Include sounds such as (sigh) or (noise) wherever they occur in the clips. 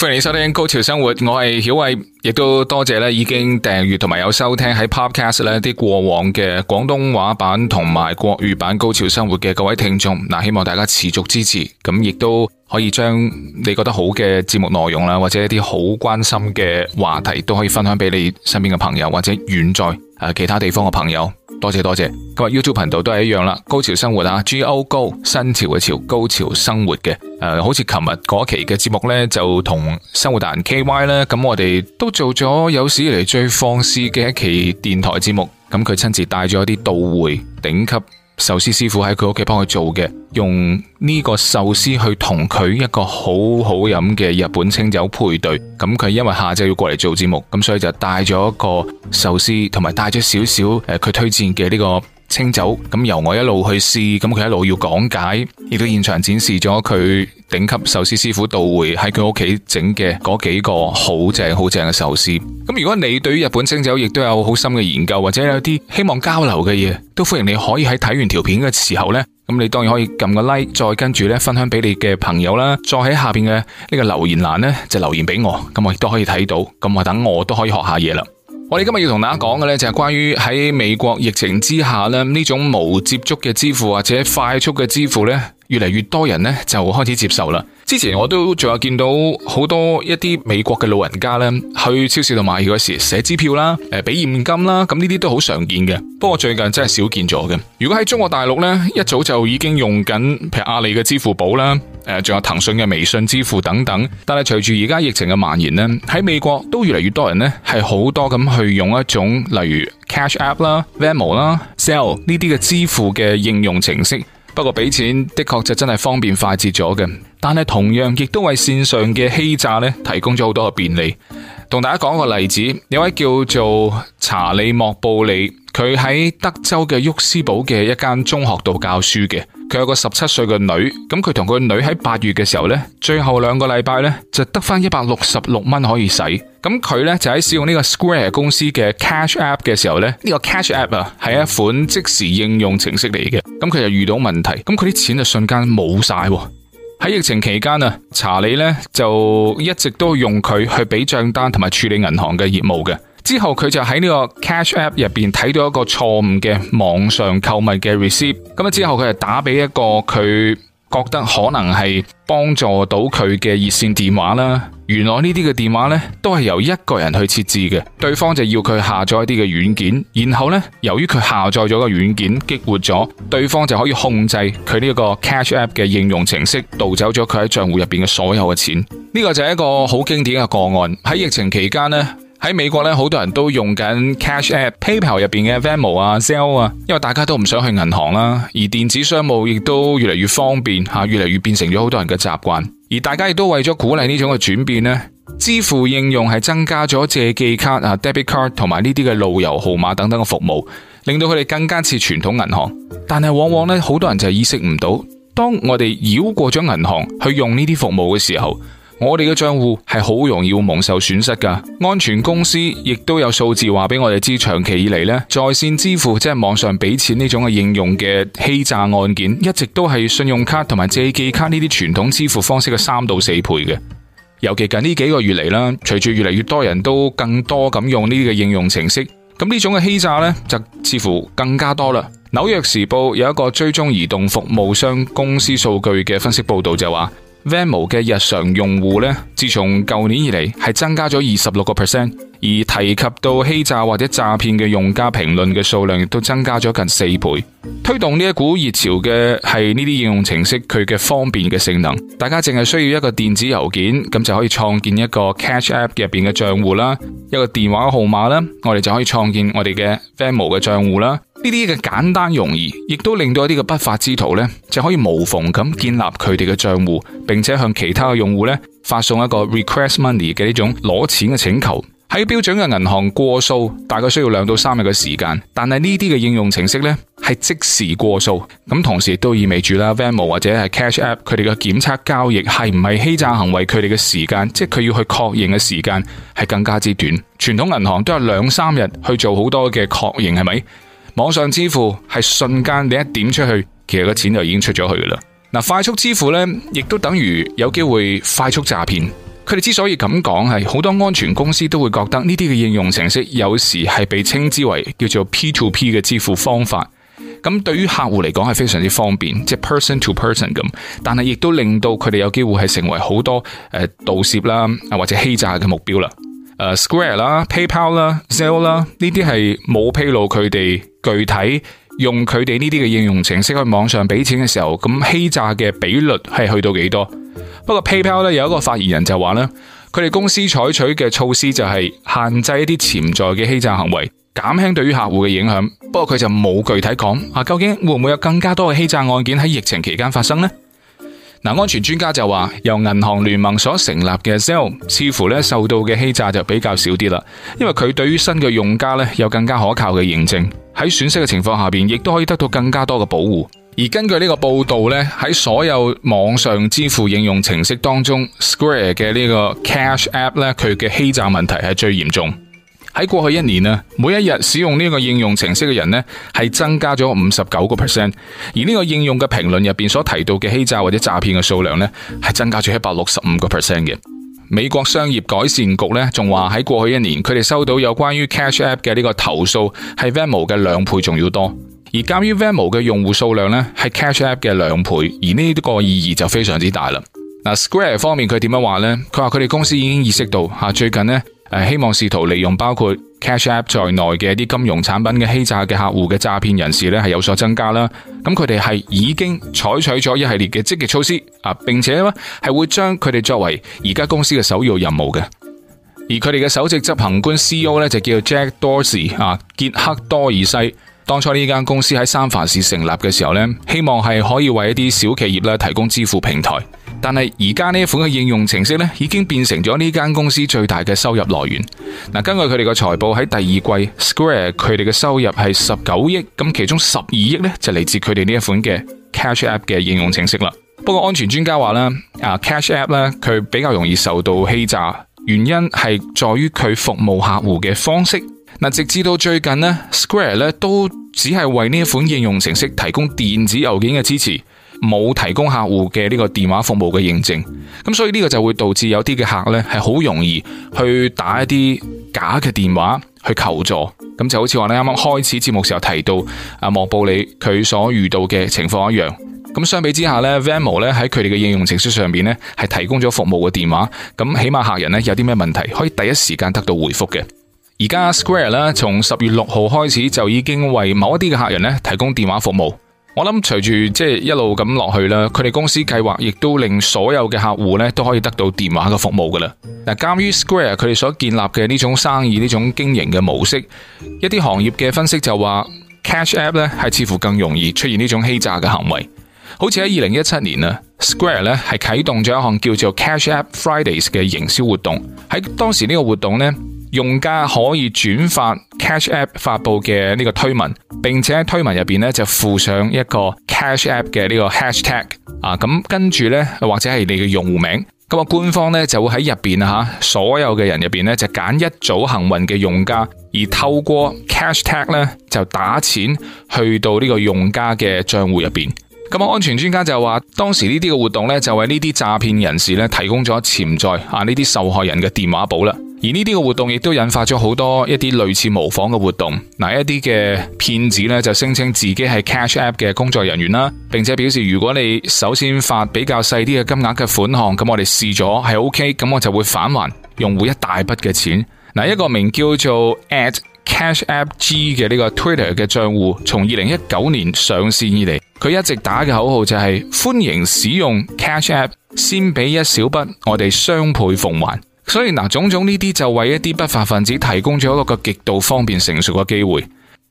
歡迎你收聽《高潮生活》，我係曉偉，亦都多謝咧已經訂閱同埋有收聽喺 Podcast 咧啲過往嘅廣東話版同埋國語版《高潮生活》嘅各位聽眾。嗱，希望大家持續支持，咁亦都可以將你覺得好嘅節目內容啦，或者一啲好關心嘅話題，都可以分享俾你身邊嘅朋友或者遠在誒其他地方嘅朋友。多謝多謝。YouTube 頻道都係一樣啦，高潮生活啊，G O 高新潮嘅潮，高潮生活嘅誒、呃，好似琴日嗰期嘅節目咧，就同生活達人 K Y 咧，咁我哋都做咗有史以嚟最放肆嘅一期電台節目，咁佢親自帶咗一啲到會頂級壽司師傅喺佢屋企幫佢做嘅，用呢個壽司去同佢一個好好飲嘅日本清酒配對，咁佢因為下晝要過嚟做節目，咁所以就帶咗一個壽司，同埋帶咗少少誒，佢推薦嘅呢、這個。清酒，咁由我一路去試，咁佢一路要講解，亦都現場展示咗佢頂級壽司師傅到會喺佢屋企整嘅嗰幾個好正好正嘅壽司。咁如果你對於日本清酒亦都有好深嘅研究，或者有啲希望交流嘅嘢，都歡迎你可以喺睇完條片嘅時候呢，咁你當然可以撳個 like，再跟住咧分享俾你嘅朋友啦，再喺下邊嘅呢個留言欄呢，就留言俾我，咁我亦都可以睇到，咁我等我都可以學下嘢啦。我哋今日要同大家講嘅咧，就係關於喺美國疫情之下咧，呢種無接觸嘅支付或者快速嘅支付咧，越嚟越多人咧就開始接受啦。之前我都仲有見到好多一啲美國嘅老人家咧，去超市度買票嗰時寫支票啦，誒，俾現金啦，咁呢啲都好常見嘅。不過最近真係少見咗嘅。如果喺中國大陸咧，一早就已經用緊譬如阿里嘅支付寶啦。誒，仲有騰訊嘅微信支付等等，但係隨住而家疫情嘅蔓延呢，喺美國都越嚟越多人呢，係好多咁去用一種，例如 Cash App 啦、Venmo 啦、Zelle 呢啲嘅支付嘅應用程式。不過俾錢的確就真係方便快捷咗嘅，但係同樣亦都為線上嘅欺詐呢，提供咗好多嘅便利。同大家講個例子，有位叫做查理莫布利，佢喺德州嘅沃斯堡嘅一間中學度教書嘅。佢有個十七歲嘅女，咁佢同佢女喺八月嘅時候呢，最後兩個禮拜呢就得翻一百六十六蚊可以使，咁佢呢就喺使用呢個 Square 公司嘅 Cash App 嘅時候呢，呢個 Cash App 啊係一款即時應用程式嚟嘅，咁佢就遇到問題，咁佢啲錢就瞬間冇晒喎。喺疫情期間啊，查理呢就一直都用佢去俾賬單同埋處理銀行嘅業務嘅。之後佢就喺呢個 Cash App 入邊睇到一個錯誤嘅網上購物嘅 receipt。咁啊，之後佢就打俾一個佢覺得可能係幫助到佢嘅熱線電話啦。原來呢啲嘅電話呢，都係由一個人去設置嘅，對方就要佢下載一啲嘅軟件，然後呢，由於佢下載咗個軟件，激活咗，對方就可以控制佢呢個 Cash App 嘅應用程式，盜走咗佢喺賬戶入邊嘅所有嘅錢。呢個就係一個好經典嘅個案，喺疫情期間呢。喺美國咧，好多人都用緊 Cash App、PayPal 入邊嘅 Venmo 啊、Zelle 啊，因為大家都唔想去銀行啦。而電子商務亦都越嚟越方便吓，越嚟越變成咗好多人嘅習慣。而大家亦都為咗鼓勵呢種嘅轉變咧，支付應用係增加咗借記卡啊、Debit Card 同埋呢啲嘅路由號碼等等嘅服務，令到佢哋更加似傳統銀行。但係往往咧，好多人就意識唔到，當我哋繞過咗銀行去用呢啲服務嘅時候。我哋嘅賬戶係好容易蒙受損失噶，安全公司亦都有數字話俾我哋知，長期以嚟呢，在線支付即係、就是、網上俾錢呢種嘅應用嘅欺詐案件，一直都係信用卡同埋借記卡呢啲傳統支付方式嘅三到四倍嘅。尤其近呢幾個月嚟啦，隨住越嚟越多人都更多咁用呢啲嘅應用程式，咁呢種嘅欺詐呢，就似乎更加多啦。紐約時報有一個追蹤移動服務商公司數據嘅分析報道就話。Venmo 嘅日常用戶咧，自從舊年以嚟係增加咗二十六個 percent，而提及到欺詐或者詐騙嘅用家評論嘅數量亦都增加咗近四倍。推動呢一股熱潮嘅係呢啲應用程式佢嘅方便嘅性能，大家淨係需要一個電子郵件咁就可以創建一個 Cash App 入邊嘅賬戶啦，一個電話號碼啦，我哋就可以創建我哋嘅 Venmo 嘅賬戶啦。呢啲嘅簡單容易，亦都令到一啲嘅不法之徒呢，就可以無縫咁建立佢哋嘅賬戶，並且向其他嘅用戶呢，發送一個 request money 嘅呢種攞錢嘅請求。喺標準嘅銀行過數大概需要兩到三日嘅時間，但係呢啲嘅應用程式呢，係即時過數，咁同時都意味住啦，Venmo 或者係 Cash App 佢哋嘅檢測交易係唔係欺詐行為佢哋嘅時間，即係佢要去確認嘅時間係更加之短。傳統銀行都有兩三日去做好多嘅確認，係咪？網上支付係瞬間，你一點出去，其實個錢就已經出咗去噶啦。嗱，快速支付咧，亦都等於有機會快速詐騙。佢哋之所以咁講，係好多安全公司都會覺得呢啲嘅應用程式有時係被稱之為叫做 P to P 嘅支付方法。咁對於客戶嚟講係非常之方便，即係 person to person 咁，但係亦都令到佢哋有機會係成為好多誒盜竊啦或者欺詐嘅目標啦。Square 啦、PayPal 啦、Zelle 啦，呢啲係冇披露佢哋具體用佢哋呢啲嘅應用程式去網上俾錢嘅時候，咁欺詐嘅比率係去到幾多？不過 PayPal 咧有一個發言人就話呢，佢哋公司採取嘅措施就係限制一啲潛在嘅欺詐行為，減輕對於客戶嘅影響。不過佢就冇具體講，啊究竟會唔會有更加多嘅欺詐案件喺疫情期間發生呢？嗱，安全專家就話，由銀行聯盟所成立嘅 Zelle 似乎咧受到嘅欺詐就比較少啲啦，因為佢對於新嘅用家咧有更加可靠嘅認證，喺損失嘅情況下邊，亦都可以得到更加多嘅保護。而根據呢個報道咧，喺所有網上支付應用程式當中，Square 嘅呢個 Cash App 咧，佢嘅欺詐問題係最嚴重。喺過去一年啊，每一日使用呢個應用程式嘅人咧，係增加咗五十九個 percent，而呢個應用嘅評論入邊所提到嘅欺詐或者詐騙嘅數量咧，係增加咗一百六十五個 percent 嘅。美國商業改善局咧，仲話喺過去一年佢哋收到有關於 Cash App 嘅呢個投訴，係 Venmo 嘅兩倍仲要多，而鑒於 Venmo 嘅用戶數量咧係 Cash App 嘅兩倍，而呢個意義就非常之大啦。嗱，Square 方面佢點樣話呢？佢話佢哋公司已經意識到吓最近咧。誒，希望試圖利用包括 cash app 在內嘅一啲金融產品嘅欺詐嘅客戶嘅詐騙人士咧，係有所增加啦。咁佢哋係已經採取咗一系列嘅積極措施啊，並且係會將佢哋作為而家公司嘅首要任務嘅。而佢哋嘅首席執行官 C O 咧就叫 Jack Dorsey 啊，傑克多爾西。當初呢間公司喺三藩市成立嘅時候呢，希望係可以為一啲小企業咧提供支付平台。但係而家呢款嘅應用程式咧，已經變成咗呢間公司最大嘅收入來源。嗱，根據佢哋嘅財報喺第二季，Square 佢哋嘅收入係十九億，咁其中十二億呢就嚟自佢哋呢一款嘅 Cash App 嘅應用程式啦。不過安全專家話呢啊 Cash App 呢佢比較容易受到欺詐，原因係在於佢服務客戶嘅方式。嗱，直至到最近呢，Square 咧都。只係為呢一款應用程式提供電子郵件嘅支持，冇提供客戶嘅呢個電話服務嘅認證。咁所以呢個就會導致有啲嘅客呢係好容易去打一啲假嘅電話去求助。咁就好似話你啱啱開始節目時候提到阿莫布里佢所遇到嘅情況一樣。咁相比之下呢，Venmo 呢喺佢哋嘅應用程式上邊呢係提供咗服務嘅電話。咁起碼客人呢有啲咩問題可以第一時間得到回覆嘅。而家 Square 咧，從十月六號開始就已經為某一啲嘅客人咧提供電話服務我。我諗隨住即係一路咁落去啦，佢哋公司計劃亦都令所有嘅客戶咧都可以得到電話嘅服務噶啦。嗱，鑒於 Square 佢哋所建立嘅呢種生意呢種經營嘅模式，一啲行業嘅分析就話 (music) ，Cash App 咧係似乎更容易出現呢種欺詐嘅行為。好似喺二零一七年啊，Square 咧係啟動咗一項叫做 Cash App Fridays 嘅營銷活動。喺當時呢個活動呢。用家可以轉發 Cash App 發布嘅呢個推文，並且喺推文入邊咧就附上一個 Cash App 嘅呢個 hashtag 啊，咁跟住呢，或者係你嘅用戶名，咁啊官方呢就會喺入邊吓，所有嘅人入邊呢，就揀一組幸運嘅用家，而透過 Cashtag 咧就打錢去到呢個用家嘅賬戶入邊。咁啊，安全專家就話，當時呢啲嘅活動呢，就為呢啲詐騙人士呢提供咗潛在啊呢啲受害人嘅電話簿啦。而呢啲嘅活動亦都引發咗好多一啲類似模仿嘅活動，嗱，一啲嘅騙子咧就聲稱自己係 Cash App 嘅工作人員啦，並且表示如果你首先發比較細啲嘅金額嘅款項，咁我哋試咗係 OK，咁我就會返還用戶一大筆嘅錢。嗱，一個名叫做 At Cash App G 嘅呢個 Twitter 嘅賬戶，從二零一九年上線以嚟，佢一直打嘅口號就係、是、歡迎使用 Cash App，先俾一小筆，我哋雙倍奉還。所以嗱，種種呢啲就為一啲不法分子提供咗一個極度方便成熟嘅機會。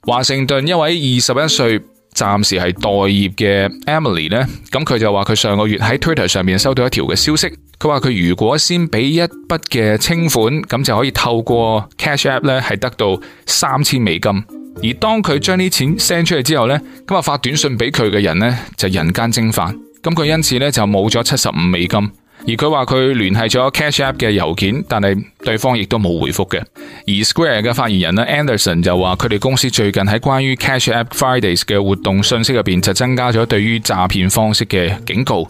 華盛頓一位二十一歲、暫時係待業嘅 Emily 呢，咁佢就話佢上個月喺 Twitter 上面收到一條嘅消息，佢話佢如果先俾一筆嘅清款，咁就可以透過 Cash App 咧，係得到三千美金。而當佢將啲錢 send 出去之後呢，咁啊發短信俾佢嘅人呢就人間蒸發，咁佢因此呢就冇咗七十五美金。而佢話佢聯繫咗 Cash App 嘅郵件，但係對方亦都冇回覆嘅。而 Square 嘅發言人咧 Anderson 就話，佢哋公司最近喺關於 Cash App Fridays 嘅活動信息入邊就增加咗對於詐騙方式嘅警告。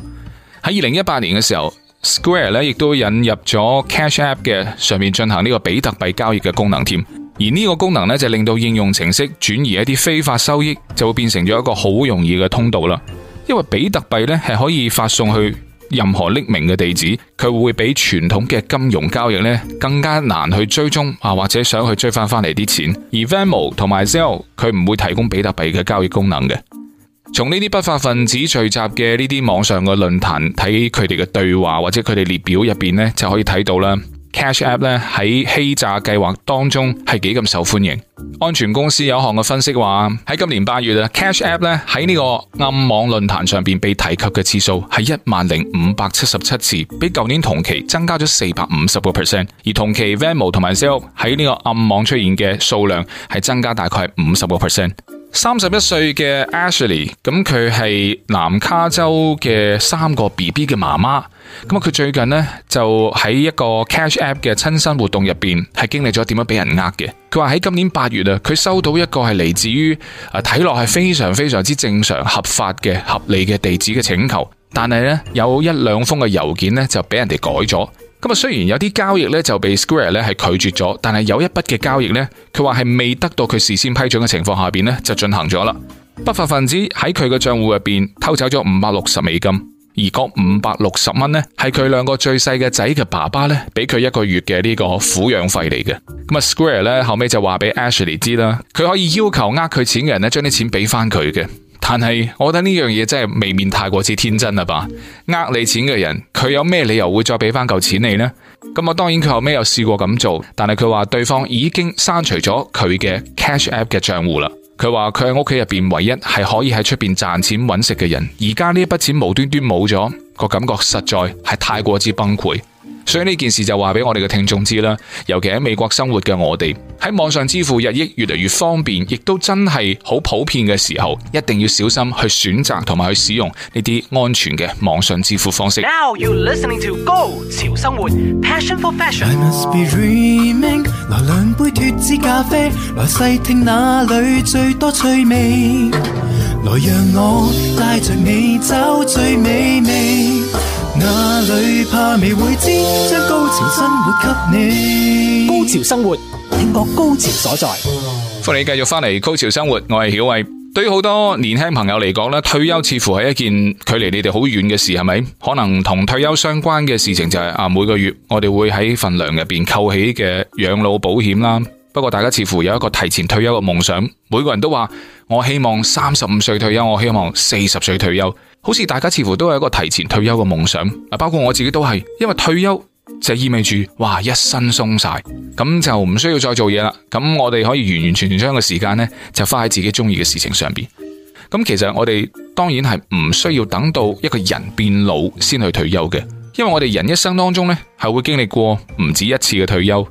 喺二零一八年嘅時候，Square 咧亦都引入咗 Cash App 嘅上面進行呢個比特幣交易嘅功能添。而呢個功能呢，就令到應用程式轉移一啲非法收益，就會變成咗一個好容易嘅通道啦。因為比特幣呢，係可以發送去，任何匿名嘅地址，佢會比傳統嘅金融交易咧更加難去追蹤啊，或者想去追翻翻嚟啲錢。而 Venmo 同埋 Zelle 佢唔會提供比特幣嘅交易功能嘅。從呢啲不法分子聚集嘅呢啲網上嘅論壇睇佢哋嘅對話或者佢哋列表入邊呢，就可以睇到啦。Cash App 咧，喺欺詐計劃當中係幾咁受歡迎？安全公司有項嘅分析話，喺今年八月啊，Cash App 咧喺呢個暗網論壇上邊被提及嘅次數係一萬零五百七十七次，比舊年同期增加咗四百五十個 percent。而同期 Venmo 同埋 Zelle 喺呢個暗網出現嘅數量係增加大概五十個 percent。三十一歲嘅 Ashley，咁佢係南卡州嘅三個 BB 嘅媽媽。咁啊，佢最近呢，就喺一個 Cash App 嘅親身活動入邊，係經歷咗點樣俾人呃嘅。佢話喺今年八月啊，佢收到一個係嚟自於啊睇落係非常非常之正常合法嘅合理嘅地址嘅請求，但係呢，有一兩封嘅郵件呢，就俾人哋改咗。咁啊，雖然有啲交易呢，就被 Square 咧係拒絕咗，但係有一筆嘅交易呢，佢話係未得到佢事先批准嘅情況下邊呢，就進行咗啦。不法分子喺佢嘅賬戶入邊偷走咗五百六十美金。而嗰五百六十蚊呢，係佢兩個最細嘅仔嘅爸爸咧，俾佢一個月嘅呢個撫養費嚟嘅。咁啊，Square 呢，後尾就話俾 Ashley 知啦，佢可以要求呃佢錢嘅人咧，將啲錢俾翻佢嘅。但係我覺得呢樣嘢真係未免太過之天真啦吧？呃你錢嘅人，佢有咩理由會再俾翻嚿錢你呢？咁啊，當然佢後尾又試過咁做，但係佢話對方已經刪除咗佢嘅 Cash App 嘅賬戶啦。佢話佢喺屋企入邊唯一係可以喺出面賺錢揾食嘅人，而家呢一筆錢無端端冇咗，個感覺實在係太過之崩潰。所以呢件事就話俾我哋嘅聽眾知啦，尤其喺美國生活嘅我哋喺網上支付日益越嚟越方便，亦都真係好普遍嘅時候，一定要小心去選擇同埋去使用呢啲安全嘅網上支付方式。Now you're listening to go 潮生活，passion for fashion。I must be dreaming。來兩杯脫脂咖啡，來細聽哪裏最多趣味。來讓我帶着你找最美味，哪裏怕未會知，將高潮生活給你。高潮生活，聽過高潮所在。歡迎你繼續翻嚟《高潮生活》，我係曉偉。對於好多年輕朋友嚟講咧，退休似乎係一件距離你哋好遠嘅事，係咪？可能同退休相關嘅事情就係、是、啊，每個月我哋會喺份糧入邊扣起嘅養老保險啦。不過大家似乎有一個提前退休嘅夢想，每個人都話：我希望三十五歲退休，我希望四十歲退休，好似大家似乎都有一個提前退休嘅夢想。啊，包括我自己都係，因為退休就意味住哇，一身鬆晒，咁就唔需要再做嘢啦。咁我哋可以完完全全將個時間呢就花喺自己中意嘅事情上邊。咁其實我哋當然係唔需要等到一個人變老先去退休嘅，因為我哋人一生當中呢係會經歷過唔止一次嘅退休。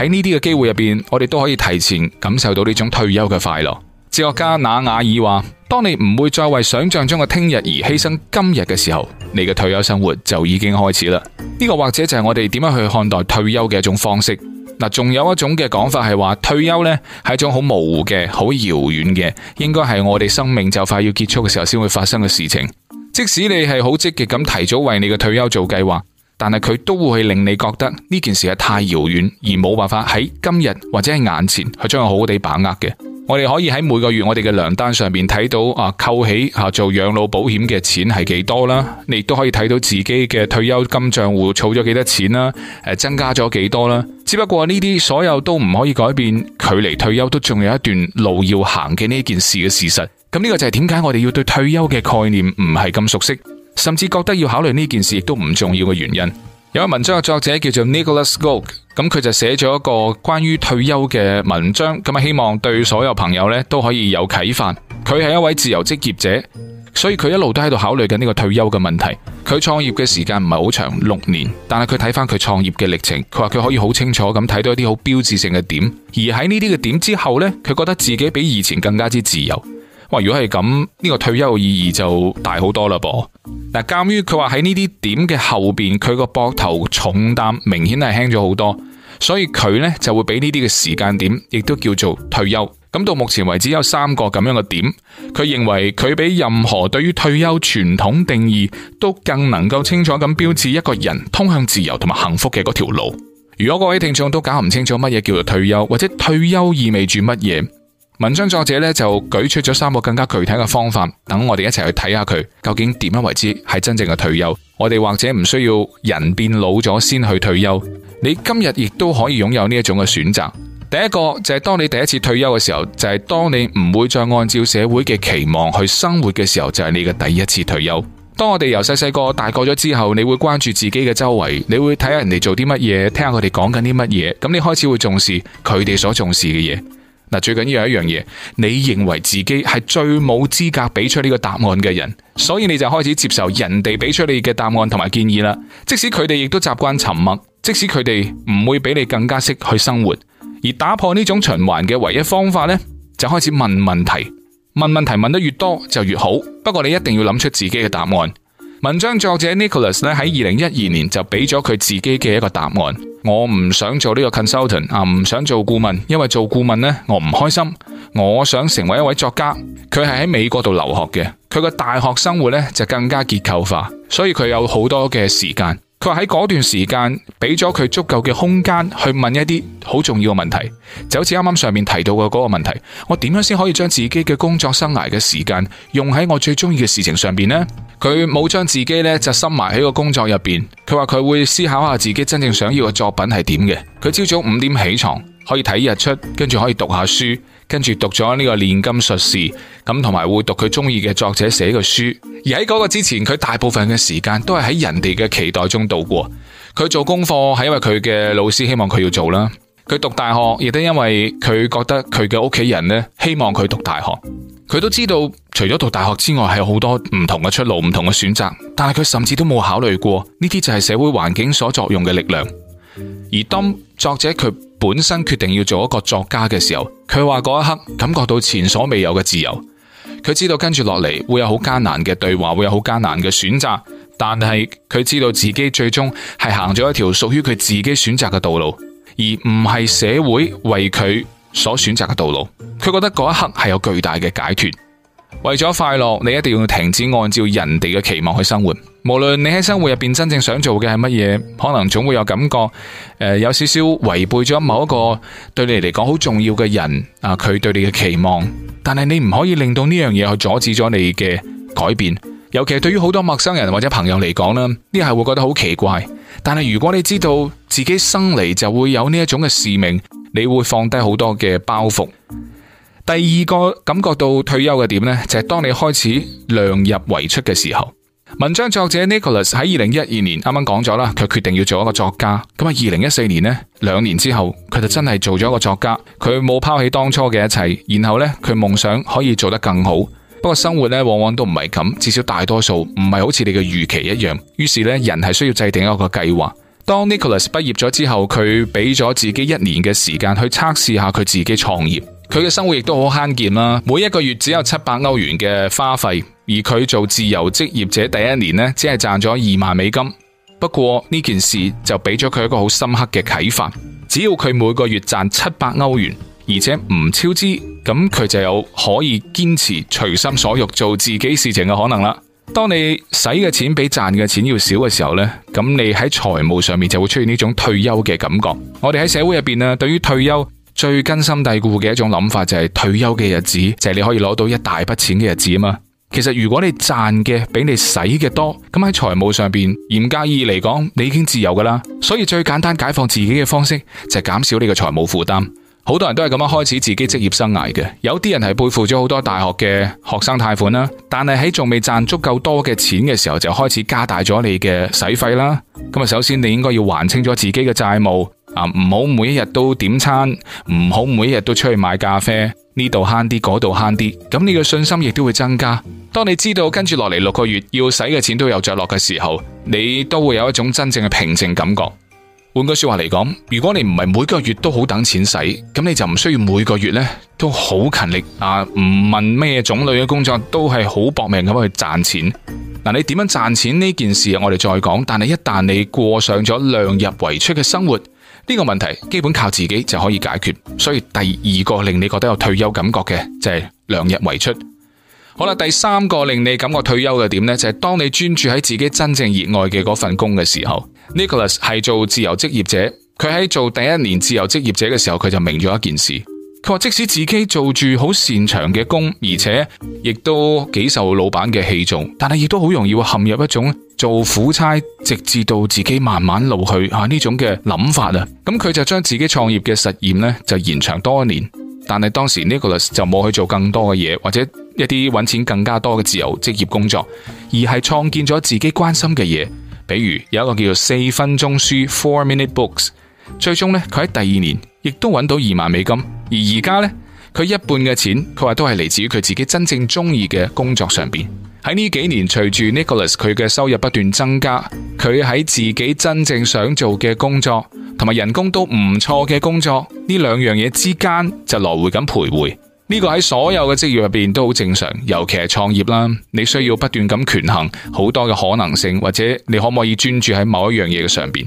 喺呢啲嘅機會入邊，我哋都可以提前感受到呢種退休嘅快樂。哲學家那瓦爾話：當你唔會再為想象中嘅聽日而犧牲今日嘅時候，你嘅退休生活就已經開始啦。呢個或者就係我哋點樣去看待退休嘅一種方式。嗱，仲有一種嘅講法係話，退休呢係一種好模糊嘅、好遙遠嘅，應該係我哋生命就快要結束嘅時候先會發生嘅事情。即使你係好積極咁提早為你嘅退休做計劃。但係佢都會令你覺得呢件事係太遙遠而冇辦法喺今日或者係眼前去將佢好好地把握嘅。我哋可以喺每個月我哋嘅糧單上面睇到啊，扣起吓做養老保險嘅錢係幾多啦，你亦都可以睇到自己嘅退休金賬戶儲咗幾多錢啦，誒增加咗幾多啦。只不過呢啲所有都唔可以改變，距離退休都仲有一段路要行嘅呢件事嘅事實。咁呢個就係點解我哋要對退休嘅概念，唔係咁熟悉，甚至覺得要考慮呢件事都唔重要嘅原因。有位文章嘅作者叫做 Nicholas Gook，咁佢就寫咗一個關於退休嘅文章，咁啊希望對所有朋友咧都可以有啟發。佢係一位自由職業者，所以佢一路都喺度考慮緊呢個退休嘅問題。佢創業嘅時間唔係好長，六年，但係佢睇翻佢創業嘅歷程，佢話佢可以好清楚咁睇到一啲好標誌性嘅點，而喺呢啲嘅點之後呢，佢覺得自己比以前更加之自由。哇！如果係咁，呢個退休嘅意義就大好多啦噃。嗱，鑒於佢話喺呢啲點嘅後邊，佢個膊頭重擔明顯係輕咗好多，所以佢呢就會俾呢啲嘅時間點，亦都叫做退休。咁到目前為止有三個咁樣嘅點，佢認為佢比任何對於退休傳統定義都更能夠清楚咁標誌一個人通向自由同埋幸福嘅嗰條路。如果各位聽眾都搞唔清楚乜嘢叫做退休，或者退休意味住乜嘢，文章作者咧就舉出咗三個更加具體嘅方法，等我哋一齊去睇下佢究竟點樣為之係真正嘅退休。我哋或者唔需要人變老咗先去退休，你今日亦都可以擁有呢一種嘅選擇。第一個就係當你第一次退休嘅時候，就係當你唔會再按照社會嘅期望去生活嘅時候，就係你嘅第一次退休。當我哋由細細個大個咗之後，你會關注自己嘅周圍，你會睇下人哋做啲乜嘢，聽下佢哋講緊啲乜嘢，咁你開始會重視佢哋所重視嘅嘢。嗱，最緊要有一樣嘢，你認為自己係最冇資格俾出呢個答案嘅人，所以你就開始接受人哋俾出你嘅答案同埋建議啦。即使佢哋亦都習慣沉默，即使佢哋唔會比你更加識去生活，而打破呢種循環嘅唯一方法呢，就開始問問題。問問題問得越多就越好，不過你一定要諗出自己嘅答案。文章作者 Nicholas 咧，喺二零一二年就俾咗佢自己嘅一個答案，我唔想做呢個 consultant 啊，唔想做顧問，因為做顧問呢，我唔開心。我想成為一位作家。佢係喺美國度留學嘅，佢個大學生活呢就更加結構化，所以佢有好多嘅時間。佢話喺嗰段時間俾咗佢足夠嘅空間去問一啲好重要嘅問題，就好似啱啱上面提到嘅嗰個問題，我點樣先可以將自己嘅工作生涯嘅時間用喺我最中意嘅事情上邊呢？佢冇將自己呢就深埋喺個工作入邊，佢話佢會思考下自己真正想要嘅作品係點嘅。佢朝早五點起床，可以睇日出，跟住可以讀下書，跟住讀咗呢個煉金術士。咁同埋會讀佢中意嘅作者寫嘅書，而喺嗰個之前，佢大部分嘅時間都係喺人哋嘅期待中度過。佢做功課係因為佢嘅老師希望佢要做啦。佢讀大學亦都因為佢覺得佢嘅屋企人呢希望佢讀大學。佢都知道除咗讀大學之外，係好多唔同嘅出路、唔同嘅選擇，但係佢甚至都冇考慮過呢啲就係社會環境所作用嘅力量。而當作者佢本身決定要做一個作家嘅時候，佢話嗰一刻感覺到前所未有嘅自由。佢知道跟住落嚟會有好艱難嘅對話，會有好艱難嘅選擇，但係佢知道自己最終係行咗一條屬於佢自己選擇嘅道路，而唔係社會為佢所選擇嘅道路。佢覺得嗰一刻係有巨大嘅解脫。為咗快樂，你一定要停止按照人哋嘅期望去生活。無論你喺生活入邊真正想做嘅係乜嘢，可能總會有感覺，誒、呃，有少少違背咗某一個對你嚟講好重要嘅人啊，佢對你嘅期望。但係你唔可以令到呢樣嘢去阻止咗你嘅改變。尤其係對於好多陌生人或者朋友嚟講啦，呢啲係會覺得好奇怪。但係如果你知道自己生嚟就會有呢一種嘅使命，你會放低好多嘅包袱。第二個感覺到退休嘅點呢，就係、是、當你開始量入為出嘅時候。文章作者 Nicholas 喺二零一二年啱啱講咗啦，佢決定要做一個作家。咁啊，二零一四年呢，兩年之後佢就真係做咗一個作家。佢冇拋棄當初嘅一切，然後呢，佢夢想可以做得更好。不過生活呢，往往都唔係咁，至少大多數唔係好似你嘅預期一樣。於是呢，人係需要制定一個計劃。當 Nicholas 畢業咗之後，佢俾咗自己一年嘅時間去測試下佢自己創業。佢嘅生活亦都好慳儉啦，每一個月只有七百歐元嘅花費，而佢做自由職業者第一年呢，只係賺咗二萬美金。不過呢件事就俾咗佢一個好深刻嘅啟發，只要佢每個月賺七百歐元，而且唔超支，咁佢就有可以堅持隨心所欲做自己事情嘅可能啦。當你使嘅錢比賺嘅錢要少嘅時候呢，咁你喺財務上面就會出現呢種退休嘅感覺。我哋喺社會入邊啊，對於退休。最根深蒂固嘅一種諗法就係退休嘅日子就係你可以攞到一大筆錢嘅日子啊嘛。其實如果你賺嘅比你使嘅多，咁喺財務上邊嚴格意義嚟講，你已經自由噶啦。所以最簡單解放自己嘅方式就係減少你嘅財務負擔。好多人都係咁樣開始自己職業生涯嘅。有啲人係背負咗好多大學嘅學生貸款啦，但係喺仲未賺足夠多嘅錢嘅時候就開始加大咗你嘅使費啦。咁咪首先你應該要還清咗自己嘅債務。啊！唔好每一日都點餐，唔好每一日都出去買咖啡。呢度慳啲，嗰度慳啲，咁你嘅信心亦都會增加。當你知道跟住落嚟六個月要使嘅錢都有着落嘅時候，你都會有一種真正嘅平靜感覺。換句說話嚟講，如果你唔係每個月都好等錢使，咁你就唔需要每個月呢都好勤力啊！唔問咩種類嘅工作，都係好搏命咁去賺錢。嗱，你點樣賺錢呢件事我哋再講，但係一旦你過上咗量入為出嘅生活。呢個問題基本靠自己就可以解決，所以第二個令你覺得有退休感覺嘅就係、是、量入為出。好啦，第三個令你感覺退休嘅點呢？就係、是、當你專注喺自己真正熱愛嘅嗰份工嘅時候，Nicholas 係做自由職業者，佢喺做第一年自由職業者嘅時候，佢就明咗一件事。佢話即使自己做住好擅長嘅工，而且亦都幾受老闆嘅器重，但係亦都好容易會陷入一種做苦差，直至到自己慢慢老去吓呢種嘅諗法啊！咁佢、嗯、就將自己創業嘅實驗咧就延長多年，但係當時 Nicholas 就冇去做更多嘅嘢，或者一啲揾錢更加多嘅自由職業工作，而係創建咗自己關心嘅嘢，比如有一個叫做四分鐘書 Four Minute Books，最終咧佢喺第二年。亦都揾到二萬美金，而而家呢，佢一半嘅錢，佢話都係嚟自於佢自己真正中意嘅工作上面。喺呢幾年，隨住 Nicholas 佢嘅收入不斷增加，佢喺自己真正想做嘅工作同埋人工都唔錯嘅工作呢兩樣嘢之間就來回咁徘徊。呢個喺所有嘅職業入邊都好正常，尤其係創業啦，你需要不斷咁權衡好多嘅可能性，或者你可唔可以專注喺某一樣嘢嘅上邊。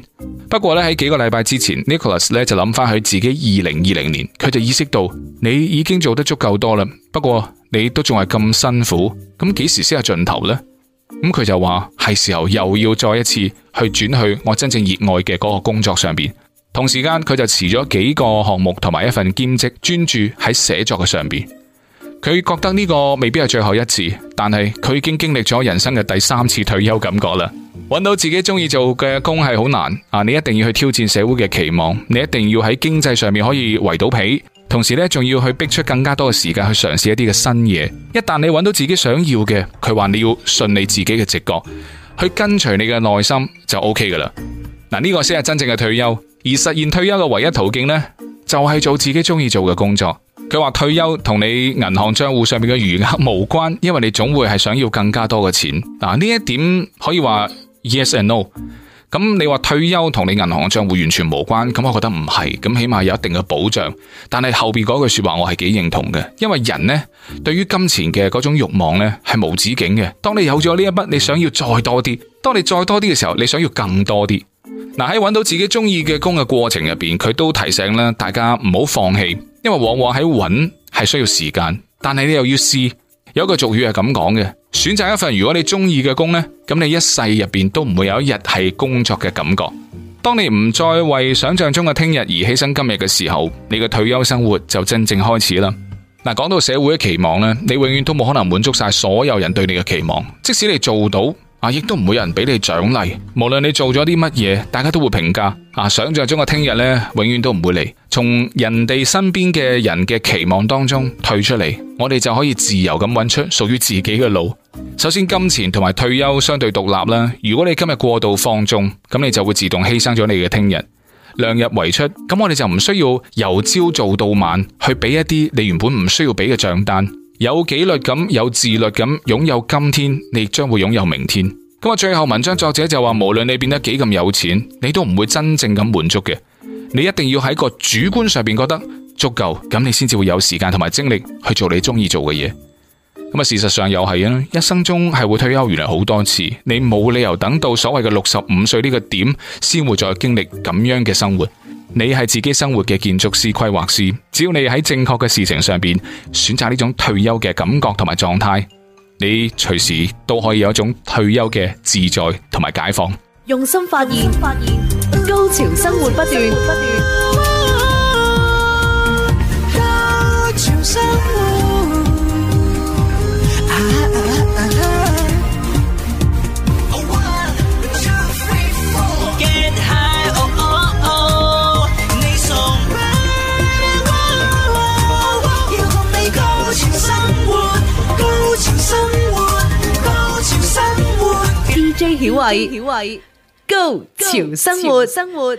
不過呢，喺幾個禮拜之前，Nicholas 呢就諗翻佢自己二零二零年，佢就意識到你已經做得足夠多啦。不過你都仲係咁辛苦，咁幾時先係盡頭呢？」咁佢就話係時候又要再一次去轉去我真正熱愛嘅嗰個工作上邊。同時間佢就辭咗幾個項目同埋一份兼職，專注喺寫作嘅上邊。佢覺得呢個未必係最後一次，但係佢已經經歷咗人生嘅第三次退休感覺啦。揾到自己中意做嘅工係好難啊！你一定要去挑戰社會嘅期望，你一定要喺經濟上面可以圍到皮，同時呢，仲要去逼出更加多嘅時間去嘗試一啲嘅新嘢。一旦你揾到自己想要嘅，佢話你要順你自己嘅直覺去跟隨你嘅內心就 OK 噶啦。嗱、這、呢個先係真正嘅退休。而實現退休嘅唯一途徑呢，就係、是、做自己中意做嘅工作。佢話退休同你銀行賬戶上面嘅餘額無關，因為你總會係想要更加多嘅錢。嗱、啊，呢一點可以話 yes and no。咁、嗯、你話退休同你銀行賬戶完全無關，咁、嗯、我覺得唔係。咁起碼有一定嘅保障。但係後邊嗰句說話我係幾認同嘅，因為人呢，對於金錢嘅嗰種慾望呢，係無止境嘅。當你有咗呢一筆，你想要再多啲；當你再多啲嘅時候，你想要更多啲。嗱，喺搵到自己中意嘅工嘅過程入邊，佢都提醒咧大家唔好放棄，因為往往喺搵係需要時間，但係你又要試。有一個俗語係咁講嘅：選擇一份如果你中意嘅工呢，咁你一世入邊都唔會有一日係工作嘅感覺。當你唔再為想象中嘅聽日而犧牲今日嘅時候，你嘅退休生活就真正開始啦。嗱，講到社會嘅期望呢，你永遠都冇可能滿足晒所有人對你嘅期望，即使你做到。啊！亦都唔會有人俾你獎勵，無論你做咗啲乜嘢，大家都會評價。啊！想象中嘅聽日呢，永遠都唔會嚟。從人哋身邊嘅人嘅期望當中退出嚟，我哋就可以自由咁揾出屬於自己嘅路。首先，金錢同埋退休相對獨立啦。如果你今日過度放縱，咁你就會自動犧牲咗你嘅聽日。量入為出，咁我哋就唔需要由朝做到晚去俾一啲你原本唔需要俾嘅賬單。有紀律咁，有自律咁，擁有今天，你亦將會擁有明天。咁啊，最後文章作者就話，無論你變得幾咁有錢，你都唔會真正咁滿足嘅。你一定要喺個主觀上邊覺得足夠，咁你先至會有時間同埋精力去做你中意做嘅嘢。咁啊，事實上又係啊，一生中係會退休，原來好多次，你冇理由等到所謂嘅六十五歲呢個點先會再經歷咁樣嘅生活。你係自己生活嘅建築師、規劃師，只要你喺正確嘅事情上邊選擇呢種退休嘅感覺同埋狀態，你隨時都可以有一種退休嘅自在同埋解放。用心發現，發現高潮生活不斷，不斷高潮生活。啊小慧，小慧，高潮生活，生活。